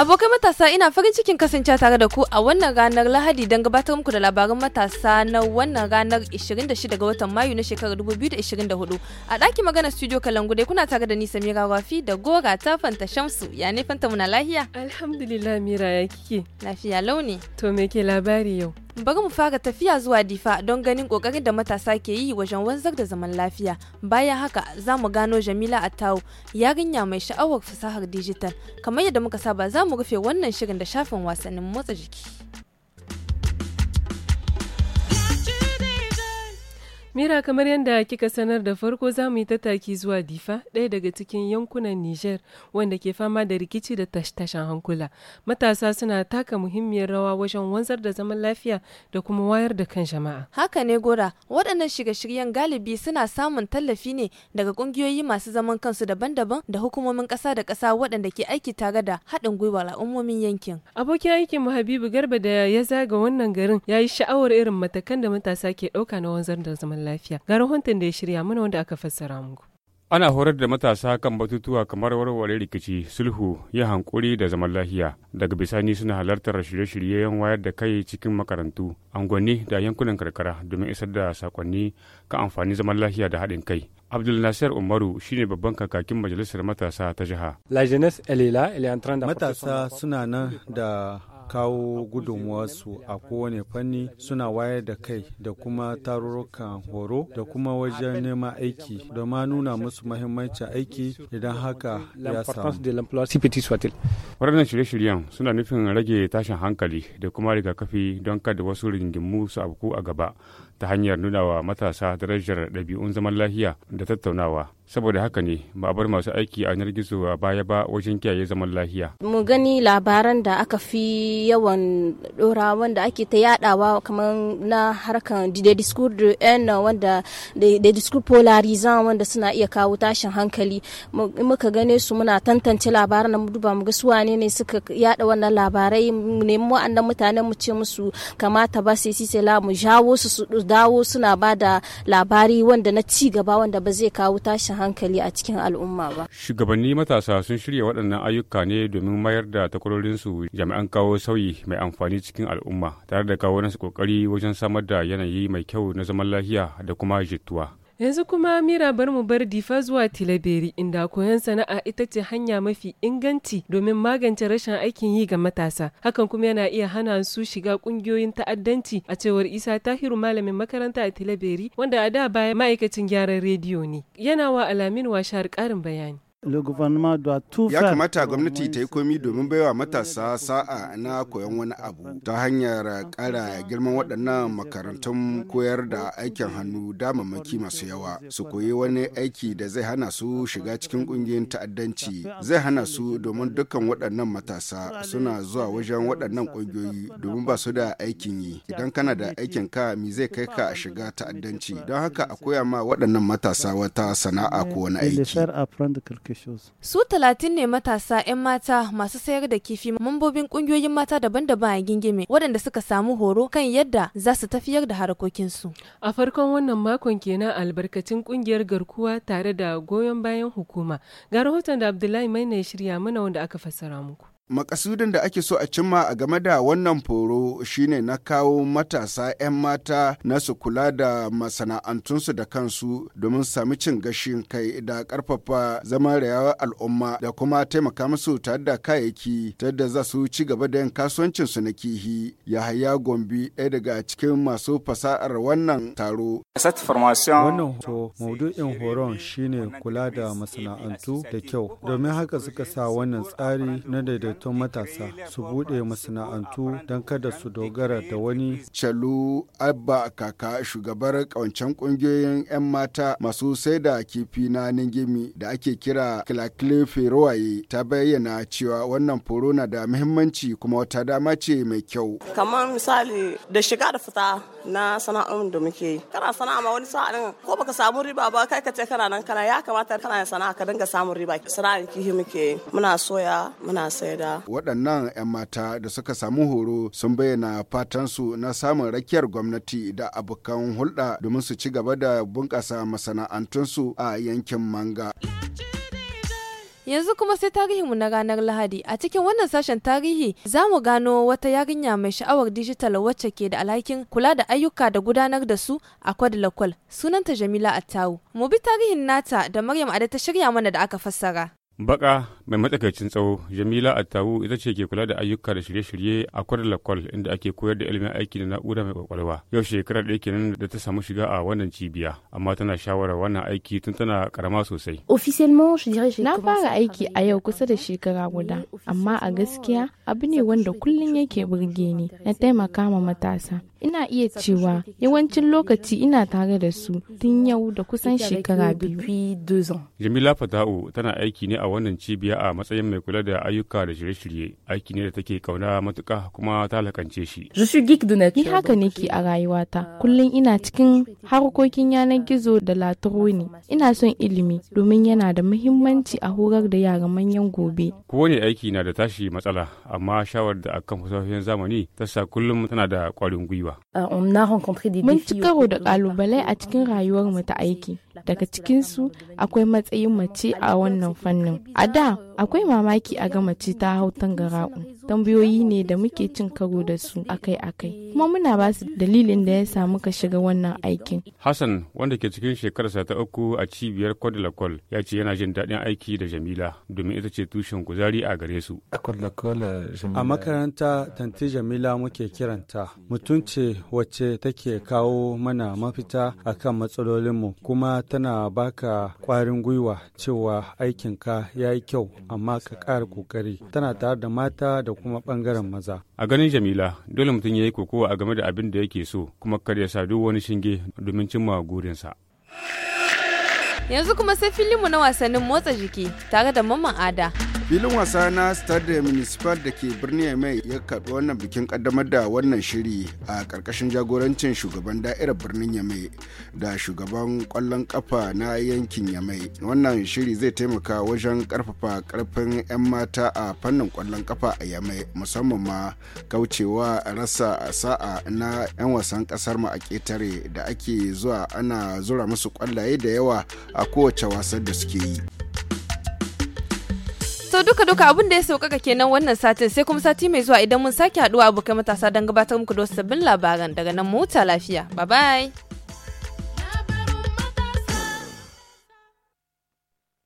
Abokai matasa ina farin cikin kasance tare da ku a wannan ranar Lahadi don gabatar muku da labaran matasa na wannan ranar 26 ga watan Mayu na shekarar 2024. A ɗakin magana studio Kalangu dai kuna tare da ni Samira Wafi da Gora ta Fanta Shamsu. Ya ne Fanta muna lahiya? Alhamdulillah Mira ya kike. Lafiya launi. To me ke labari yau? Bari mu fara tafiya zuwa Difa don ganin kokarin da matasa ke yi wajen wanzar da zaman lafiya. Bayan haka za mu gano Jamila Attawu, yarinya mai sha'awar fasahar dijital. Kamar yadda muka saba za mu rufe wannan shirin da shafin wasannin motsa jiki. Mira kamar yadda kika sanar da farko za mu yi taki zuwa Difa, ɗaya daga cikin yankunan Nijar wanda ke fama da rikici da tashan hankula. Matasa suna taka muhimmiyar rawa wajen wanzar da zaman lafiya da kuma wayar da kan jama'a. Haka ne gora, waɗannan shiga shiryen galibi suna samun tallafi ne daga ƙungiyoyi masu zaman kansu daban-daban da hukumomin ƙasa da ƙasa waɗanda ke aiki tare da haɗin gwiwa al'ummomin yankin. Abokin aikin mu Habibu Garba da ya zaga wannan garin ya yi sha'awar irin matakan da matasa ke ɗauka na wanzar da zaman zaman lafiya. Ga rahoton da ya shirya mana wanda aka fassara muku. Ana horar da matasa kan batutuwa kamar warware rikici, sulhu, yin hankuri da zaman lafiya. Daga bisani suna halartar shirye-shiryen wayar da kai cikin makarantu, angonni da yankunan karkara domin isar da sakonni kan amfani zaman lafiya da haɗin kai. Abdul Nasir Umaru shine babban kakakin majalisar matasa ta jiha. Matasa suna nan da kawo gudunmuwarsu a kowane fanni suna wayar da kai da kuma tarurrukan horo da kuma wajen neman aiki da ma nuna musu mahimmancin aiki idan haka ya samu. Waɗannan shirye-shiryen suna nufin rage tashin hankali da kuma rigakafi don kada wasu rigingimu su abku a gaba. ta hanyar nuna wa matasa darajar ɗabi'un zaman lafiya da tattaunawa saboda haka ne ba a bar masu aiki a yanar gizo a baya ba wajen kiyaye zaman lafiya. mu gani labaran da aka fi yawan dora wanda ake ta yadawa kamar na harkan da discours de wanda da discours polarizan wanda suna iya kawo tashin hankali in muka gane su muna tantance labaran mu duba mu ga su wane ne suka yada wannan labarai mu nemi wa'annan mutanen mu ce musu kamata ba sai sai la mu jawo su su dawo suna ba da labari wanda na ci gaba wanda ba zai kawo tashin hankali a cikin al'umma ba. Shugabanni matasa sun shirya waɗannan ayyuka ne domin mayar da takwarorinsu jami'an kawo sauyi mai amfani cikin al'umma tare da kawo nasu ƙoƙari wajen samar da yanayi mai kyau na zaman lafiya da kuma jituwa. Yanzu kuma mira bar mu bar Difa zuwa Tilaberi inda koyon sana'a ita ce hanya mafi inganci domin magance rashin aikin yi ga matasa. Hakan kuma yana iya hana su shiga kungiyoyin ta'addanci a cewar Isa Tahiru malamin makaranta a Tilaberi wanda a da baya ma'aikacin gyaran rediyo ne. Yana wa alamin washar karin bayani. Ya kamata gwamnati ta yi komi domin baiwa matasa sa'a na koyon wani abu ta hanyar ƙara girman waɗannan makarantun koyar da aikin hannu damammaki masu yawa su koyi wani aiki da zai hana su shiga cikin ƙungiyoyin ta'addanci zai hana su domin dukkan waɗannan matasa suna zuwa wajen waɗannan ƙungiyoyi domin ba su da aikin yi idan kana da aikin ka mi zai kai ka a shiga ta'addanci don haka a koya ma waɗannan matasa wata sana'a ko wani aiki. Su talatin ne matasa 'yan mata masu sayar da kifi mambobin kungiyoyin mata daban-daban a gingime waɗanda suka samu horo kan yadda za su tafiyar da harkokinsu. A farkon wannan makon kenan albarkacin kungiyar garkuwa tare da goyon bayan hukuma. Ga rahoton da Abdullahi Maina ya shirya mana wanda aka fassara muku. makasudin da ake so a cimma a game da wannan foro shine na kawo matasa 'yan mata na su kula da masana'antunsu da kansu domin sami cin gashin kai da karfafa zama rayuwar al'umma da kuma taimaka musu tare da kayayyaki ta da za su ci gaba da yin kasuwancin su na kihi yahaya gombi ɗaya daga cikin masu fasa'ar wannan taro wannan to maudu'in horon shine kula da masana'antu da kyau domin haka suka sa wannan tsari na daidaito karatun matasa su bude masana'antu don kada su dogara da wani. calu Abba Kaka shugabar kawancen ƙungiyoyin 'yan mata masu sai da kifi na Ningimi da ake kira Kilakilife rawaye ta bayyana cewa wannan foro na da muhimmanci kuma wata dama ce mai kyau. Kamar misali da shiga da fita na sana'un da muke yi. Kana sana'a ma wani sa'a ko baka samu riba ba kai ka ce kana nan kana ya kamata kana sana'a ka dinga samun riba. Sana'ar kihi muke Muna soya muna saida Waɗannan 'yan mata da suka samu horo sun bayyana fatan su na samun rakiyar gwamnati da abokan hulɗa domin su ci gaba da bunƙasa masana'antunsu a yankin Manga. Yanzu kuma sai mu na ranar Lahadi. A cikin wannan sashen tarihi za mu gano wata yarinya mai sha'awar dijital wacce ke da alhakin kula da ayyuka da gudanar da su a Kwadilakwal. Sunanta Jamila Attawu. Mu bi tarihin nata da Maryam Ade ta shirya mana da aka fassara. Baka mai matsakaicin tsawo Jamila Attawu ita ce ke kula da ayyuka da shirye-shirye a kwadar lakwal inda ake koyar da ilimin aiki da na'ura mai kwakwalwa. Yau shekarar ɗaya kenan da ta samu shiga a wannan cibiya amma tana shawarar wannan aiki tun tana karama sosai. Na fara aiki a yau kusa da shekara guda amma a gaskiya euh, abu ne wanda kullum yake burge ni na taimaka ma matasa Ina iya cewa yawancin lokaci ina tare da su tun yau da kusan shekara biyu. Jamila Fata'u tana aiki ne a wannan cibiya a matsayin mai kula da ayyuka da shirye-shirye. Aiki ne da take kauna matuka kuma ta lakance shi. Ni haka nake a rayuwata. Kullum ina cikin harkokin yanar gizo da laturo ne. Ina son ilimi domin yana da muhimmanci a horar da yara manyan gobe. Kowane aiki na da tashi matsala amma shawar da akan fasahohin zamani ta sa kullum tana da ƙwarin gwiwa. ba. Euh, Mun ci karo da ƙalubalai a cikin rayuwar mu ta aiki. Daga cikinsu akwai matsayin mace a wannan fannin. A da akwai mamaki a ga mace ta hau tangara'u. tambayoyi ne da muke cin karo da su akai-akai kuma muna ba su dalilin da ya sa muka shiga wannan aikin. Hassan wanda ke cikin shekararsa ta uku a cibiyar Kodilakol ya ce yana jin daɗin aiki da Jamila domin ita ce tushen kuzari a gare su. A eh, makaranta Tanti Jamila muke kiranta mutunce ce wacce take kawo mana mafita akan matsalolin mu kuma tana baka ƙwarin gwiwa cewa aikinka ya yi kyau amma ka ƙara ƙoƙari tana tare da mata da kuma bangaren maza. A ganin Jamila, dole mutum ya yi kokowa a game da abin da yake so kuma kar ya sa duk wani shinge domin cimma gurinsa. Yanzu kuma sai filinmu na wasannin motsa jiki tare da Mamman Ada. filin wasa na stade municipal da ke birnin mai ya karbi wannan bikin kaddamar da wannan shiri a karkashin jagorancin shugaban da'irar birnin yamai da shugaban kwallon kafa na yankin yamai wannan shiri zai taimaka wajen karfafa karfin 'yan mata a fannin kwallon kafa a yamai musamman ma kaucewa rasa sa'a na 'yan wasan ƙasar mu a ketare da ake zuwa ana zura musu kwallaye da yawa a kowace wasan da suke yi. to duka duka abin da ya sauƙaƙa kenan wannan satin sai kuma sati mai zuwa idan mun sake haɗuwa abokai matasa don gabatar muku da wasu sabbin labaran daga nan mota lafiya bye bye